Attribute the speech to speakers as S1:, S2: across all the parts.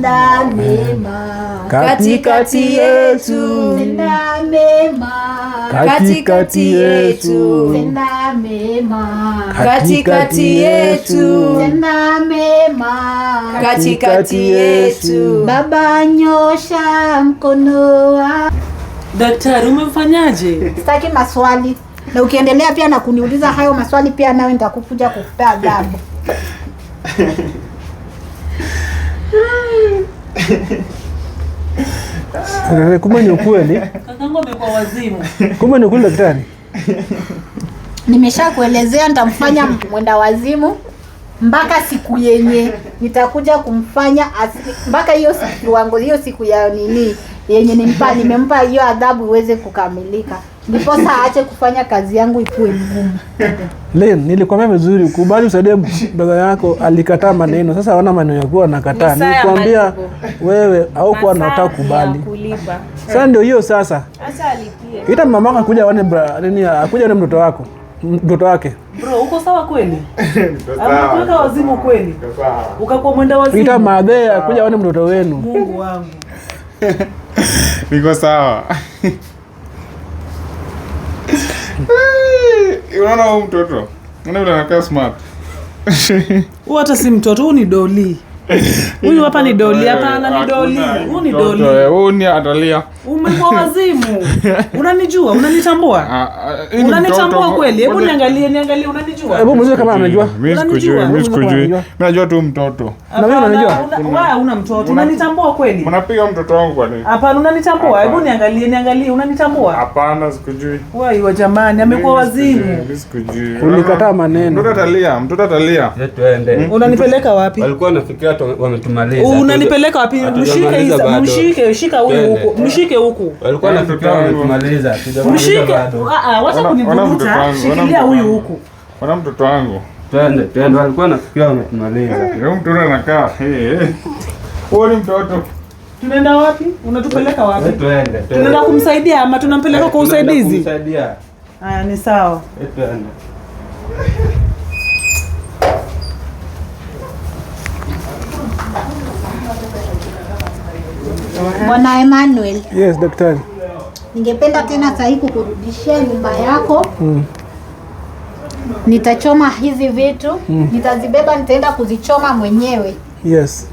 S1: Tenda mema
S2: katikati yetu,
S1: tenda mema
S2: katikati yetu,
S1: tenda mema
S2: katikati yetu,
S1: tenda mema
S2: katikati yetu.
S1: Baba, nyosha mkono wako.
S3: Daktari, umemfanyaje?
S4: Sitaki maswali, na ukiendelea pia na kuniuliza hayo maswali pia nawe nitakukuja kukupea adhabu.
S5: Kumbe ni ukweli.
S6: Kakangu amekuwa wazimu.
S5: Kumbe ni ukweli daktari.
S4: Nimeshakuelezea nitamfanya mwenda wazimu mpaka siku yenye nitakuja kumfanya mpaka hiyo kiwango, hiyo siku ya nini yenye nimpa nimempa hiyo adhabu iweze kukamilika, saa aache kufanya kazi yangu ikuwe ngumu.
S5: Len, nilikwambia vizuri, kubali usaidie brother yako, alikataa maneno. Sasa hawana maneno ya kuwa nakataa, nilikwambia wewe haukuwa nataka kubali. Sasa ndio hiyo sasa, ita mama wako akuja aone nini, akuja aone mtoto wako mtoto wake.
S6: Bro, uko sawa kweli? Unakuweka wazimu kweli? Ukakuwa mwenda wazimu.
S5: Ita madhe akuja aone mtoto wenu.
S6: Mungu wangu.
S7: Niko sawa. Unaona huyu mtoto? Unaona anakaa smart.
S3: Hata si mtoto, huu ni doli. Huyu hapa ni doli, hapana ni doli. ni
S7: eh, ni atalia.
S6: Umekuwa wazimu. Unanijua, unanitambua?
S7: Ah, ah,
S6: unanitambua kweli? Hebu niangalie, niangalie unanijua.
S5: Hebu mzee kama anajua. Mm,
S7: mimi sikujui, mimi najua tu mtoto.
S5: Na mimi unanijua?
S6: Wewe una mtoto. Unanitambua kweli?
S7: Unapiga mtoto wangu kwa nini?
S6: Hapana, unanitambua. Hebu niangalie, niangalie unanitambua?
S7: Hapana, sikujui.
S6: Wewe wa jamani, amekuwa wazimu.
S7: Mimi sikujui. maneno. Mtoto atalia, mtoto atalia.
S6: Unanipeleka wapi?
S8: Alikuwa wametumaliza.
S6: Unanipeleka wapi? Mshike, shika huyu huku. Mshike
S8: Walikuwa na wametumaliza.
S6: Mshike. Ah ah, wacha Shikilia huyu huku.
S7: Bwana mtoto wangu.
S8: Twende, twende. Walikuwa wametumaliza.
S7: Leo eh, mtoto anakaa. Eh, eh. mtoto.
S6: Tunaenda wapi? Unatupeleka wapi? Twende. Tunaenda kumsaidia ama tunampeleka kwa usaidizi? Kumsaidia. ni sawa.
S8: Twende.
S4: Bwana Emmanuel.
S5: Yes, daktari.
S4: Ningependa tena sahii kukurudishia nyumba yako mm. Nitachoma hizi vitu mm. Nitazibeba, nitaenda kuzichoma mwenyewe. Yes.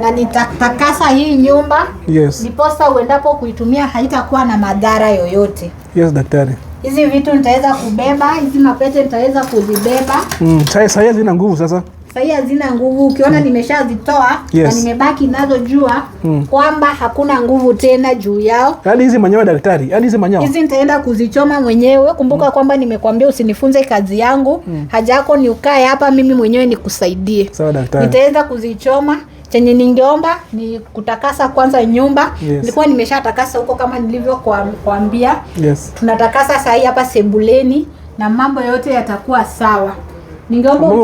S4: Na nitatakasa hii nyumba. Yes. Niposa uendapo kuitumia haitakuwa na madhara yoyote. Yes, daktari. Hizi vitu nitaweza kubeba, hizi mapete nitaweza kuzibeba
S5: mm. Sasa hizi zina nguvu sasa
S4: sasa hazina nguvu, ukiona hmm. nimeshazitoa yes. na nimebaki nazo, jua mm. kwamba hakuna nguvu tena juu yao.
S5: Hadi yaani hizi manyoya daktari, hadi yaani hizi manyoya
S4: hizi nitaenda kuzichoma mwenyewe. Kumbuka mm. kwamba nimekwambia usinifunze kazi yangu mm. haja yako ni ukae hapa, mimi mwenyewe nikusaidie. Sawa daktari, nitaenda kuzichoma chenye ningeomba ni kutakasa kwanza nyumba. Nilikuwa nimeshatakasa huko kama nilivyokuambia. Yes. Tunatakasa sahii hapa sebuleni na mambo yote yatakuwa sawa.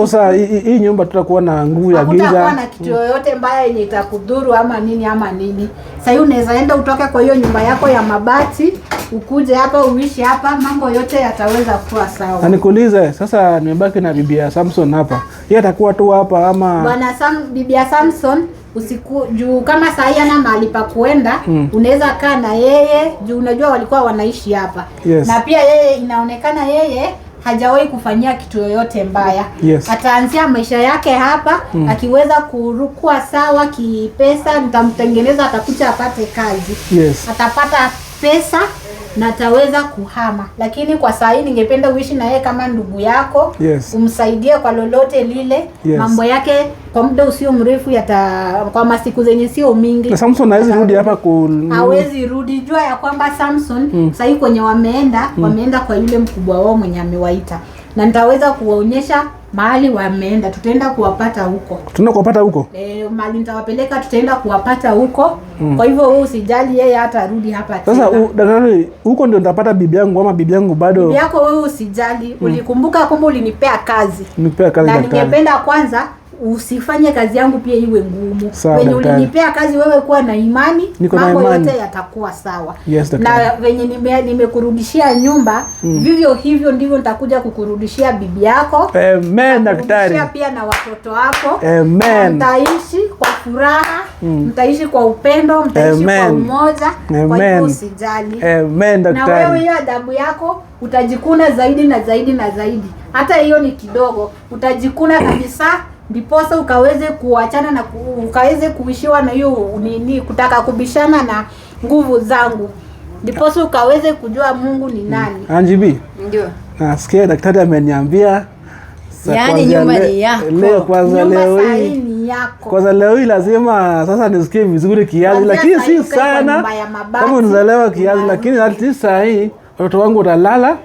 S5: Sasa hii nyumba tutakuwa na nguvu ya giza. Hakutakuwa
S4: na kitu yoyote mbaya yenye itakudhuru ama nini ama nini. Sasa hivi unaweza enda utoke kwa hiyo nyumba yako ya mabati ukuje hapa uishi hapa, mambo yote yataweza kuwa sawa.
S5: Na nikuulize sasa, nimebaki na bibi ya Samson hapa, yeye atakuwa tu hapa ama
S4: bwana Sam, bibi ya Samson usiku juu kama saa hii ana mahali pa kuenda mm. Unaweza kaa na yeye juu unajua walikuwa wanaishi hapa yes. Na pia yeye inaonekana yeye hajawahi kufanyia kitu yoyote mbaya. Yes. Ataanzia maisha yake hapa mm. Akiweza kurukua sawa kipesa, nitamtengeneza atakuja apate kazi. Yes. Atapata pesa nataweza kuhama, lakini kwa saa hii ningependa uishi na yeye kama ndugu yako yes. Umsaidie kwa lolote lile yes. Mambo yake kwa muda usio mrefu yata, kwa masiku zenye sio mingi
S5: na Samson hawezi rudi hapa ku
S4: hawezi rudi. Jua ya kwamba Samson mm. Saa hii kwenye wameenda mm. Wameenda kwa yule mkubwa wao mwenye amewaita na nitaweza kuwaonyesha mahali wameenda, tutaenda kuwapata huko,
S5: tutaenda kuwapata huko
S4: e, mahali nitawapeleka, tutaenda kuwapata huko mm. Kwa hivyo wewe usijali, yeye hata rudi hapa
S5: sasa. Daktari, huko ndio nitapata bibi yangu ama bibi yangu bado?
S4: Bibi yako wewe usijali mm. Ulikumbuka kumbe ulinipea kazi,
S5: nipea kazi na
S4: ningependa kwanza usifanye kazi yangu pia iwe ngumu.
S5: Venye ulinipea
S4: kazi wewe, kuwa na imani, mambo yote yatakuwa sawa. Yes, na venye nime, nimekurudishia nyumba mm. vivyo hivyo ndivyo nitakuja kukurudishia bibi yako.
S5: Amen, daktari.
S4: Pia na watoto wako.
S5: Amen.
S4: Mtaishi kwa furaha mm. mtaishi kwa upendo, mtaishi Amen. kwa umoja. Amen. Kwa hiyo usijali.
S5: Amen, daktari.
S4: Na wewe hiyo adabu yako utajikuna zaidi na zaidi na zaidi, hata hiyo ni kidogo, utajikuna kabisa ndiposa ukaweze kuachana na ukaweze kuishiwa na hiyo nini, kutaka kubishana na nguvu zangu, ndiposa ukaweze kujua Mungu ni mm. nani. anjib ndio
S5: nasikia daktari ameniambia
S4: yani nyumba ni yako. Leo
S5: kwanza leo hii Kwanza leo hii lazima sasa nisikie vizuri kiasi lakini si sana. Kama unazelewa kiasi lakini at least saa hii watoto wangu watalala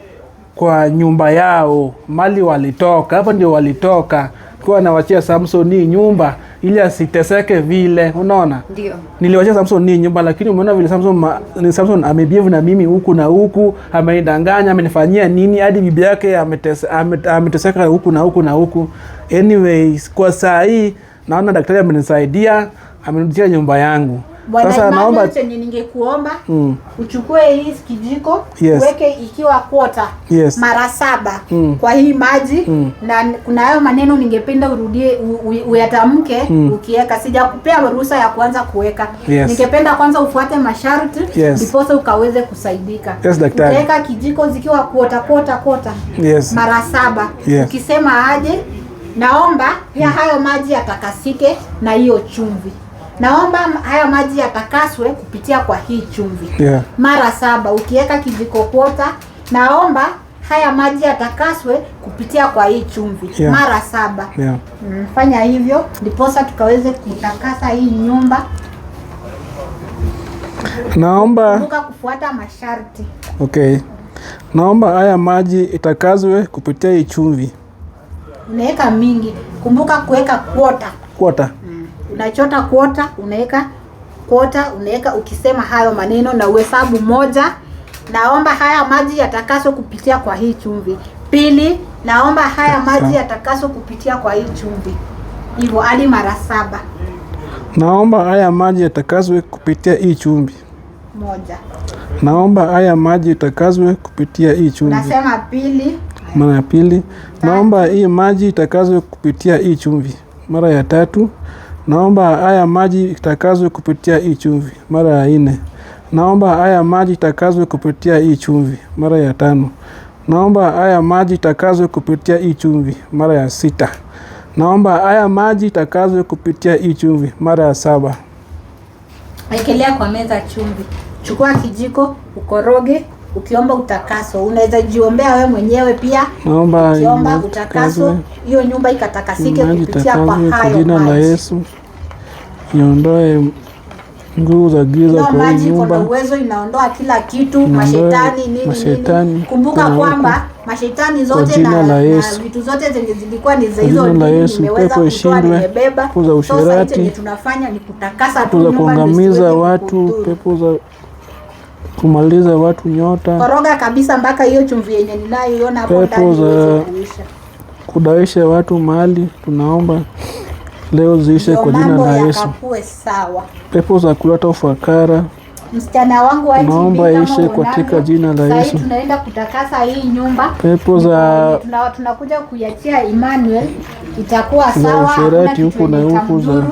S5: kwa nyumba yao, mali walitoka, hapa ndio walitoka nilikuwa nawachia Samson hii nyumba ili asiteseke vile, unaona. Ndio. Niliwachia Samson hii nyumba, lakini umeona vile Samson ma, Samson amebievu na mimi huku na huku, amenidanganya, amenifanyia nini hadi bibi yake ameteseka amete, huku na huku na huku. Anyways, kwa saa hii naona daktari amenisaidia, amenirudishia nyumba yangu.
S4: Bwana, naomba chenye ningekuomba mm. uchukue hii kijiko yes. uweke ikiwa kota yes. mara saba mm. kwa hii maji mm. na kuna hayo maneno ningependa urudie uyatamke mm. ukiweka. Sijakupea ruhusa ya kuanza kuweka yes. ningependa kwanza ufuate masharti ndiposa ukaweze kusaidika yes, daktari. kijiko zikiwa kota kota kota yes. mara saba yes. ukisema aje, naomba ya mm. hayo maji yatakasike na hiyo chumvi naomba haya maji yatakaswe kupitia kwa hii chumvi yeah. mara saba ukiweka kijiko kwota, naomba haya maji yatakaswe kupitia kwa hii chumvi yeah. mara saba yeah. Mm, fanya hivyo ndiposa tukaweze kutakasa hii nyumba.
S5: Naomba
S4: kufuata masharti
S5: okay. Naomba haya maji itakazwe kupitia hii chumvi.
S4: Unaweka mingi, kumbuka kuweka kwota kwota unachota kuota, unaweka kuota, unaweka ukisema hayo maneno na uhesabu moja, naomba haya maji yatakaswe kupitia kwa hii chumvi. Pili, naomba haya maji yatakaswe kupitia kwa hii chumvi. Hivyo hadi mara saba.
S5: Naomba haya maji yatakazwe kupitia hii chumvi. Moja. Naomba haya maji yatakazwe kupitia hii chumvi.
S4: Nasema pili.
S5: Mara ya pili. Naomba hii maji itakazwe kupitia hii chumvi. Mara ya tatu. Naomba haya maji itakazwe kupitia hii chumvi. Mara ya nne. Naomba haya maji itakazwe kupitia hii chumvi. Mara ya tano. Naomba haya maji itakazwe kupitia hii chumvi. Mara ya sita. Naomba haya maji itakazwe kupitia hii chumvi. Mara ya saba.
S4: Wekelea kwa meza chumvi. Chukua kijiko ukoroge, ukiomba utakaso. Unaweza jiombea wewe mwenyewe pia. Naomba ukiomba utakaso, hiyo nyumba ikatakasike kupitia kwa hayo maji. Kwa jina la Yesu
S5: niondoe nguvu za giza kwa hii nyumba.
S4: Maji uwezo inaondoa kila kitu, mashetani nini,
S5: mashetani nini.
S4: Kumbuka kwamba mashetani zote na, na vitu zote zenye zilikuwa ni za hizo
S5: nimeweza kutoa, nimebeba. Pepo za usherati
S4: tunafanya ni kutakasa
S5: tu, za kuangamiza watu, pepo za kumaliza watu nyota,
S4: koroga kabisa mpaka hiyo chumvi yenye ninayoiona
S5: hapo ndani, pepo za kudawisha watu mali, tunaomba leo ziishe kwa jina la Yesu. Pepo za kuleta ufakara
S4: msichana wangu wa
S5: naomba ishe katika jina la Yesu.
S4: Tunaenda kutakasa hii nyumba,
S5: pepo za
S4: tunakuja kuiachia Emmanuel, itakuwa sawa.
S5: Sherati huku na huku za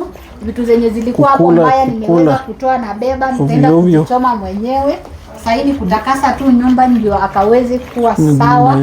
S4: vitu zenye zilikuwa hapo mbaya, nimeweza kutoa na beba, nitaenda kuchoma mwenyewe. Sasa hivi kutakasa tu nyumba ndio akaweze kuwa sawa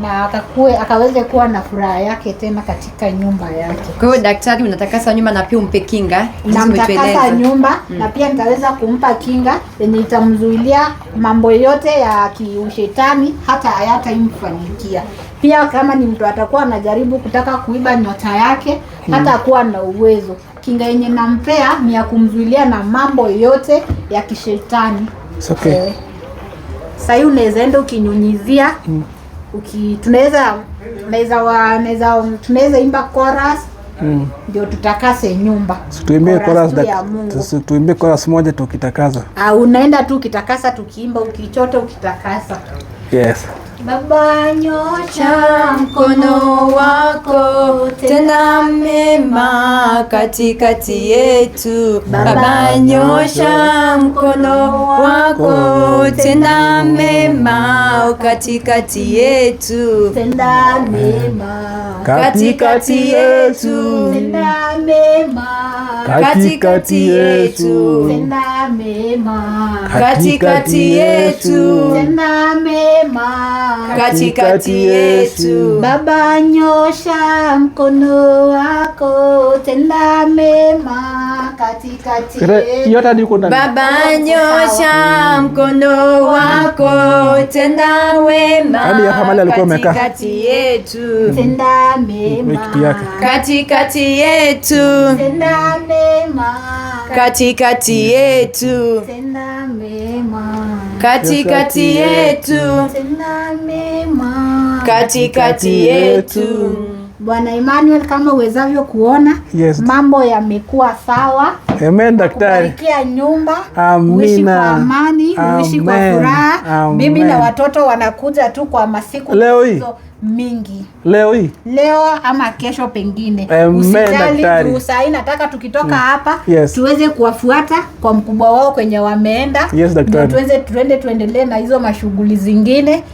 S4: na atakuwe akaweze kuwa na furaha yake tena katika nyumba yake.
S6: Kwa hiyo daktari, unatakasa nyumba na pia umpe kinga,
S4: namtakasa nyumba mm. na pia nitaweza kumpa kinga yenye itamzuilia mambo yote ya kiushetani, hata hayatamfanyikia. Pia kama ni mtu atakuwa anajaribu kutaka kuiba nyota yake mm. hata kuwa na uwezo. Kinga yenye nampea ni ya kumzuilia na mambo yote ya kishetani. okay. Eh, sasa unaweza enda ukinyunyizia mm uki tunaweza naweza naweza tunaweza imba chorus mm. ndio mm. Tutakase nyumba
S5: tuimbie chorus tuimbie chorus moja tukitakasa.
S4: Ah, unaenda tu ukitakasa, tukiimba, ukichota, ukitakasa.
S5: Yes.
S1: Baba, nyocha mkono wako tena mema katikati yetu. Baba, nyosha mkono wako tena mema katikati yetu,
S4: tena mema
S2: katikati yetu. tena katikati yetu,
S4: tenda mema
S2: katikati yetu,
S4: tenda mema
S2: katikati yetu.
S1: Baba, nyosha mkono wako, tenda mema katikati
S5: yetu.
S1: Baba, nyosha mkono wako, tenda wema katikati yetu,
S4: tenda mema
S1: katikati yetu,
S4: tenda mema
S1: katikati yetu, katikati yetu, katikati yetu
S4: Bwana Emmanuel, kama uwezavyo kuona yes, mambo yamekuwa sawa.
S5: Amen, daktari.
S4: Kubarikia nyumba.
S5: Amina. Uishi
S4: kwa amani, uishi kwa furaha. mimi na watoto wanakuja tu kwa masiku leo hii mingi leo hii leo ama kesho pengine.
S5: Amen, usijali.
S4: nataka tukitoka mm. hapa yes, tuweze kuwafuata kwa mkubwa wao kwenye wameenda. Yes, daktari. Tuweze tuende tuendelee na hizo mashughuli zingine,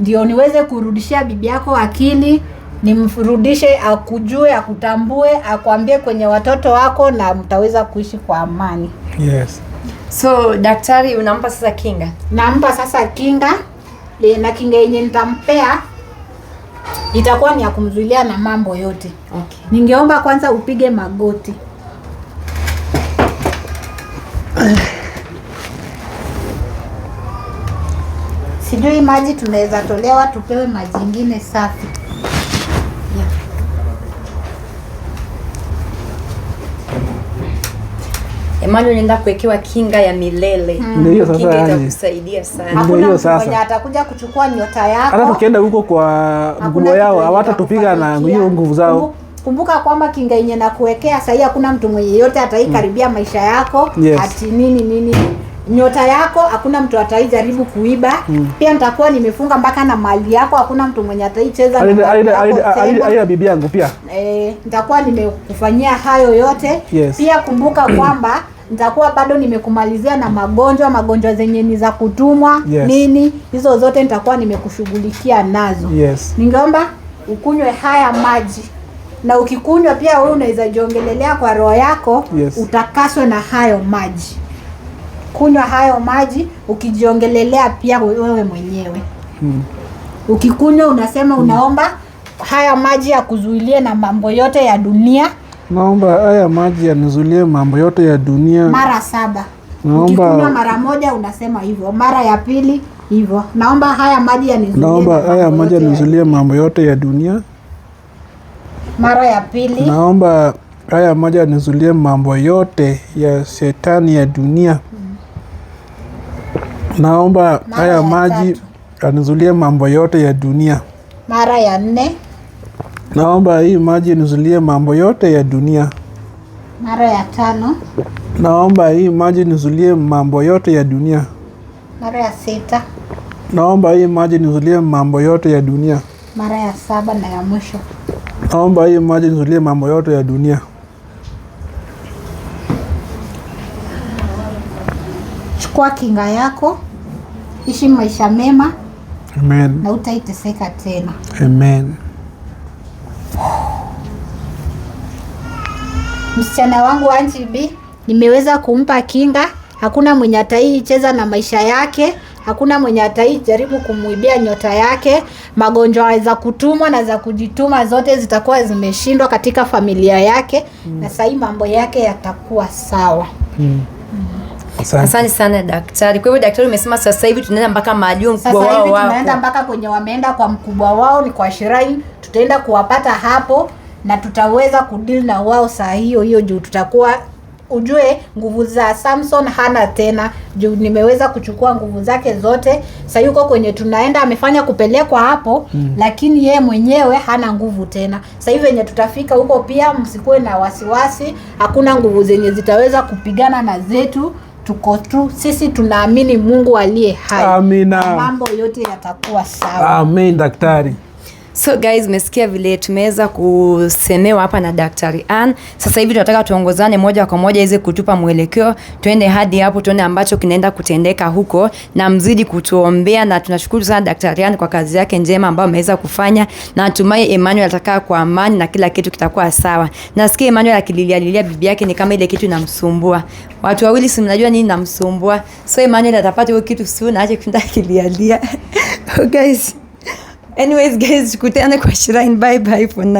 S4: ndio niweze kurudishia bibi yako akili nimfurudishe akujue, akutambue, akuambie kwenye watoto wako, na mtaweza kuishi kwa amani.
S5: Yes.
S6: So daktari, unampa sasa kinga?
S4: Nampa sasa kinga, eh, na kinga yenye nitampea itakuwa ni ya kumzuilia na mambo yote. Okay. Ningeomba kwanza upige magoti. Sijui maji tunaweza tolewa, tupewe maji ingine safi.
S6: Emmanuel anaenda kuwekewa kinga ya milele.
S5: Hmm. Ndio sasa, kinga
S6: itakusaidia sana.
S5: hiyo sasa. mwenye
S4: atakuja kuchukua nyota yako.
S5: Hata tukienda huko kwa nguvu yao tupiga na hiyo nguvu zao.
S4: Kumbuka kwamba kinga yenye nakuwekea sahii, hakuna mtu mwenye yote ataikaribia hmm. maisha yako yes. Ati nini nini nyota yako hakuna mtu ataijaribu kuiba mm. Pia nitakuwa nimefunga mpaka na mali yako, hakuna mtu mwenye ataicheza
S5: aina bibi yangu. Pia
S4: eh, nitakuwa nimekufanyia hayo yote yes. Pia kumbuka kwamba nitakuwa bado nimekumalizia na magonjwa, magonjwa zenye ni za kutumwa yes. nini hizo zote nitakuwa nimekushughulikia nazo yes. Ningeomba ukunywe haya maji na ukikunywa pia wewe unaweza jiongelelea kwa roho yako yes. Utakaswe na hayo maji, kunywa hayo maji ukijiongelelea pia wewe mwenyewe hmm. Ukikunywa unasema hmm. Unaomba haya maji ya kuzuilie na mambo yote ya dunia
S5: Naomba haya maji yanizulie mambo yote ya dunia.
S4: Mara saba.
S5: Naomba ukikunywa
S4: mara moja unasema hivyo, mara ya pili hivyo. Naomba haya maji yanizulie.
S5: Naomba haya maji yanizulie mambo yote ya dunia.
S4: Mara ya pili.
S5: Naomba haya maji yanizulie mambo yote ya shetani ya dunia. Naomba haya maji yanizulie mambo yote ya dunia.
S4: Mara ya nne.
S5: Naomba hii maji nizulie mambo yote ya dunia.
S4: Mara ya tano.
S5: Naomba hii maji nizulie mambo yote ya dunia.
S4: Mara ya sita.
S5: Naomba hii maji nizulie mambo yote ya dunia.
S4: Mara ya saba na ya mwisho.
S5: Naomba hii maji nizulie mambo yote ya dunia.
S4: Chukua kinga yako, ishi maisha mema. Amen. Na utaiteseka tena. Amen. Msichana wangu Anji nimeweza kumpa kinga. Hakuna mwenye cheza na maisha yake, hakuna mwenye jaribu kumwibia nyota yake. Magonjwa za kutumwa na za kujituma zote zitakuwa zimeshindwa katika familia yake mm. na sahii mambo yake yatakuwa sawa
S5: mm.
S6: Asante sana daktari. Kwa hivyo daktari, umesema sasa hivi tunaenda mpaka mahali
S4: mkubwa wao, tunaenda mpaka kwenye wameenda kwa mkubwa wao, ni kwa Shirai tutaenda kuwapata hapo na tutaweza kudili na wao saa hiyo hiyo, juu tutakuwa ujue nguvu za Samson hana tena, juu nimeweza kuchukua nguvu zake zote. Sasa yuko kwenye tunaenda, amefanya kupelekwa hapo mm, lakini ye mwenyewe hana nguvu tena. Sasa hivi wenye tutafika huko, pia msikuwe na wasiwasi, hakuna nguvu zenye zitaweza kupigana na zetu. Tuko tu sisi, tunaamini Mungu aliye hai. mambo yote yatakuwa sawa.
S5: Amen, daktari.
S6: So guys, mesikia vile tumeweza kusemewa hapa na Daktari Ann. Sasa hivi tunataka tuongozane moja kwa moja iweze kutupa mwelekeo, tuende hadi hapo tuone ambacho kinaenda kutendeka huko, na mzidi kutuombea, na tunashukuru sana Daktari Ann kwa kazi yake njema ambayo ameweza kufanya, na natumai Emmanuel atakaa kwa amani na kila kitu kitakuwa sawa. Nasikia Emmanuel akililia lilia bibi yake ni kama ile kitu inamsumbua. Watu wawili si mnajua nini namsumbua. So Emmanuel atapata hiyo kitu soon, aache kwenda kilialia. Oh guys. Anyways guys, tukutane kwa Shrine. Bye bye for now.